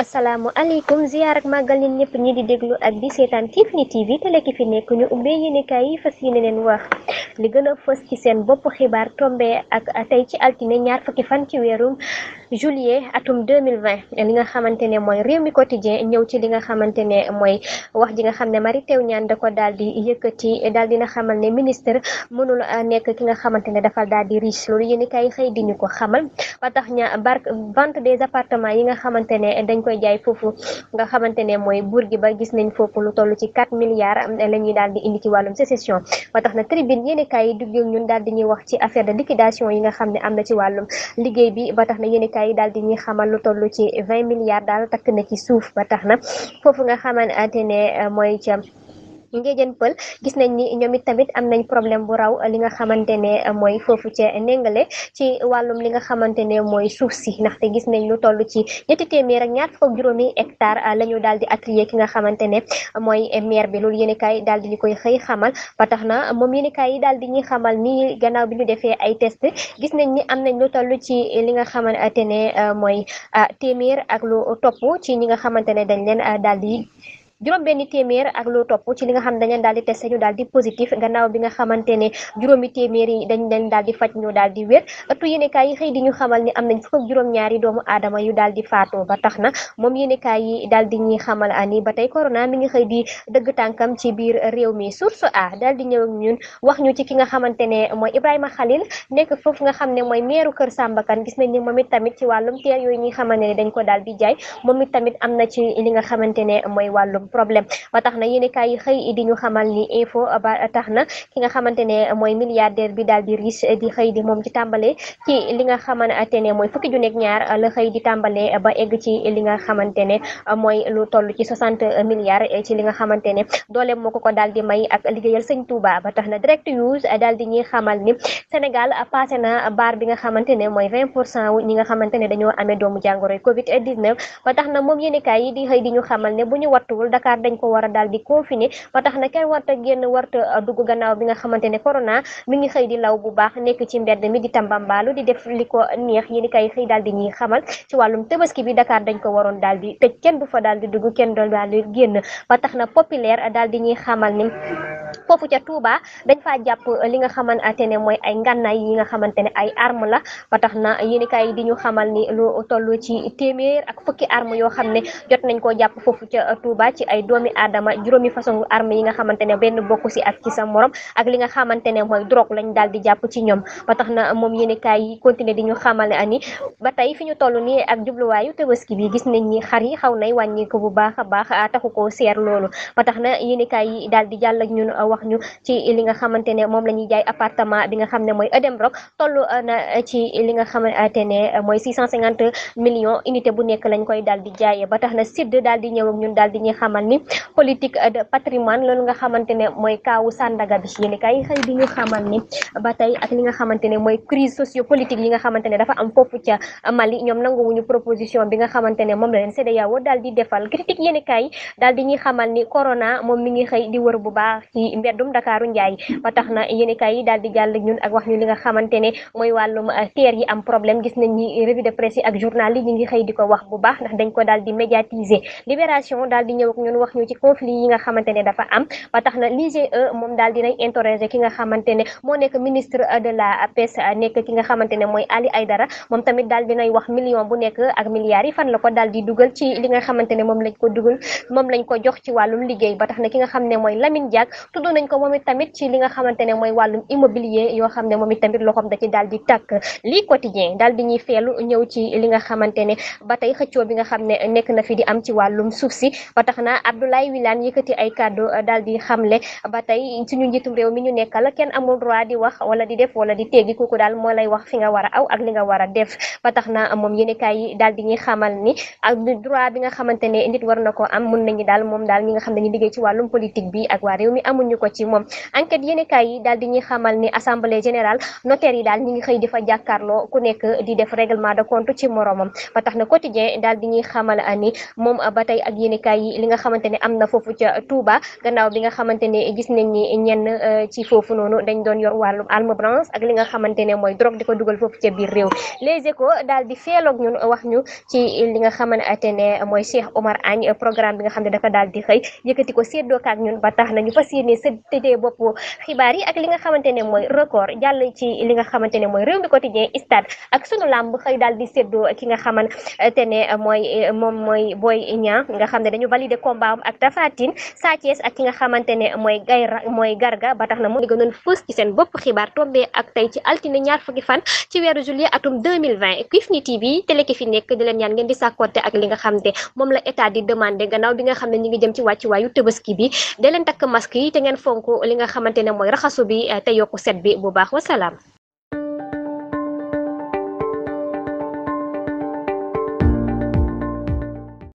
asalaamualeykum ziyaar ak màggal leen ñëpp ñi di déglu ak di seetaan Kifne TV télé ki fi nekk ñu ubbee yéenekaay yi fas yéene leen waax li gën a fës ci seen bopp xibaar tombé ak tey ci altine ñaar fukki fan ci weerum juillet atum 2020 li nga xamante ne mooy réew mi quotidien ñëw ci li nga xamante ne mooy wax ji nga xam ne Mary Teuw Niane ko daal di yëkkati daal dina xamal ne ministre mënul uh, nekk ki nga xamante ne dafa daal di riche loolu yéen kay xëy di ñu ko xamal ba tax ña bark vente des appartements yi nga xamante ne dañ koy jaay foofu nga xamante ne mooy buur gi ba gis nañ foofu lu toll ci 4 milliards la ñuy daal di indi ci wàllum sécession kaay yi dugg ñun daal di ñuy wax ci affaire de liquidation yi nga xam ne am na ci wàllum liggéey bi ba tax na yéenekaay yi daal di ñuy xamal lu toll ci vingt milliards daal takk na ci suuf ba tax na foofu nga xamante ne eh, mooy ca ñu ngi jën pël gis nañ ni ñoom it tamit am nañ problème bu raw li nga xamante ne eh, mooy foofu ca Ndingale ci wàllum li nga xamante ne mooy suuf si ndaxte gis nañ lu toll ci ñetti téeméer ak ñaar fukk juróomi hectare eh, la ñu daal di attrier ki nga xamante ne mooy maire bi loolu yéen kaay daal di ñu koy xëy xamal ba tax na moom yéen kaay yi daal di ñuy xamal ni gannaaw bi ñu defee ay test gis nañ ni am nañ lu toll ci li nga xaman ne eh, mooy téeméer ak lu ci ñi nga xamante ne dañ leen daal di juróom benn téeméer ak lu topp ci li nga xam ne dañ leen daal di testé ñu daal di positif gannaaw bi nga xamante ne juróomi téeméer yi dañ leen daal di faj ñu daal di wér ëttu yéenekaay yi xëy di ñu xamal ni am nañ fukk doomu aadama yu daal di faatoo ba tax na moom yéenekaay yi daal di ñuy xamal ani ba tey corona mi ngi xëy di dëgg tànkam ci biir réew mi source a daal di ñëw ak ñun wax ñu ci ki nga xamante ne mooy Ibrahima Khalil nekk foofu nga xam ne mooy meeru kër Sàmbakan gis nañ ni moom it tamit ci wàllum teer yooyu ñuy xamante ne dañ ko daal di moom it tamit am na li nga xamante ne mooy wàllum problème ba tax na yéenekaay yi xëy di ñu xamal ni info ba tax na ki nga xamante ne mooy milliardaire bi daal di riche di xëy di moom ci tàmbale ci li nga xamante ne mooy fukki junni ci li nga xamante ne mooy toll ci soixante ci li nga xamante ne doole moo ko ko daal di may ak liggéeyal sëñ Touba ba tax na direct news daal di ñuy xamal ni Sénégal passé na baar bi nga xamante ne mooy vingt pour cent ñi nga xamante ne dañoo ame doomu jàngoroy Covid 19 ba tax na moom yéenekaay di xëy di ñu xamal ne bu ñu wattuwul Dakar dañ ko war a daal di confiner ba tax ken kenn warta génn warta euh, dugg gannaaw bi nga xamante ne corona mi ngi xëy di law bu baax nekk ci mbedd mi di tambambaalu di def li ko neex yéen kay xëy daal di ñuy xamal ci wàllum tabaski bi Dakar dañ ko waroon daal di tëj kenn du fa daal di dugg kenn du daal di génn ba tax na populaire daal di ñuy xamal ni foofu ca Touba dañ faa jàpp euh, li nga xamante ne mooy ay ngànnaay yi nga xamante ne ay arme la ba tax na yéenekaay yi di ñu xamal ni lu toll ci téeméer ak fukki arme yoo xam ne jot nañ koo jàpp foofu ca euh, Touba ci ay doomi aadama juróomi façon arme yi nga xamante ne benn bokk si ak ci sa morom ak li nga xamante ne mooy drogue lañ daal di jàpp ci ñoom ba tax na moom yéenekaay yi continuer di ñu xamal ani ba tey fi ñu toll nii ak jubluwaayu Tabaski bi gis nañ ñi xar yi xaw nay wàññi bu baax a baax taxu koo seer loolu wax ñu ci li nga xamante ne moom la ñuy jaay appartement bi nga xam ne mooy Eden Rock toll na ci li nga xamante ne mooy six cent cinquante bu nekk lañ koy daal di ba tax na sud daal di ñëw ak ñun daal politique de patrimoine loolu nga xamante mooy kaawu Sandaga bi yéen kay xëy di ñu xamal ba tey ak li nga xamante mooy crise sociopolitique yi nga xamante dafa am foofu ca Mali ñoom nanguwuñu proposition bi nga xamante moom la leen CEDEAO daal di defal critique mbeddum Dakaaru Njaay ba tax na yéenekaay yi daal di jàll ñun ak wax ñu li nga xamante ne mooy wàllum euh, yi am problème gis nañ ni revue de presse yi ak journal yi ñu ngi di ko wax bu baax ndax dañ ko daal di médiatiser libération daal di ñëw ak ñun wax ñu ci conflit yi nga xamante ne dafa am ba tax na l'IGE moom daal dinay interroger ki nga xamante ne moo nekk ministre de la pêche euh, nekk ki nga xamante ne mooy Ali Aydara moom tamit daal dinay wax million bu nekk ak milliards yi fan la ko daal di dugal ci li nga xamante ne moom lañ ko dugal moom lañ ko jox ci wàllum liggéey ba na ki nga xam ne mooy Lamine Diack nañ ko moom it tamit ci li nga xamante ne mooy wàllum immobilier yoo xam ne moom it tamit loxoom da ci daal di takk lii quotidien daal di ñuy feelu ñëw ci li nga xamante ne ba tey xëccoo bi nga xam ne nekk na fi di am ci wàllum suuf si ba tax na Abdoulaye Wilane yëkkati ay kàddu daal di xamle ba tey suñu njiitum réew mi ñu nekkal kenn amul droit di wax wala di def wala di teggi kooku daal moo lay wax fi nga war a aw ak li nga war a def fa tax na moom yéenekaay yi daal di ñuy xamal ni ak droit bi nga xamante ne nit war na ko am mun nañu daal moom daal ñi nga xam ne ñu liggéey ci wàllum politique bi ak waa réew ko ci moom enquête yéenekaay yi daal di ñuy xamal ni assemblée générale notaire yi daal ñi ngi xëy di fa jàkkaarloo ku nekk di def règlement de compte ci moromam ba tax na quotidien daal di ñuy xamal ni moom ba tey ak yéenekaay li nga xamante am na foofu ca Touba gannaaw bi nga xamante gis nañ ni euh, ci foofu noonu dañ doon yor wàllum arme blanche ak li nga xamante ne mooy drogue di ko dugal foofu ca bi réew Les Échos daal di feeloog ñun wax ñu ci li nga xamante ne mooy Cheikh Omar Agne bi nga xam ne dafa daal di xëy tëjee bopp xibaar yi ak li nga xamante ne mooy record jàll ci li nga xamante ne mooy réew mi quotidien stade ak sunu làmb xëy daal di séddoo ki nga xamante ne mooy moom mooy Boy Niang xam ne dañu validé combat am ak Tapha Tine Sa ak ki nga xamante ne mooy gayra mooy garga ba tax na moo gënoon fës ci seen bopp xibaar tombé ak tey ci altine ñaar fukki fan ci weeru juillet atum 2020 Kifne TV télé ki fi nekk di leen ñaan ngeen di sàkkoonte ak li nga xam ne moom la état di demandé gannaaw bi nga xam ne ñu ngi jëm ci wàccuwaayu Tabaski bi da leen takk fonk li nga xamante ne mooy raxasu bi eh, te yokku set bi bu baax wasalaam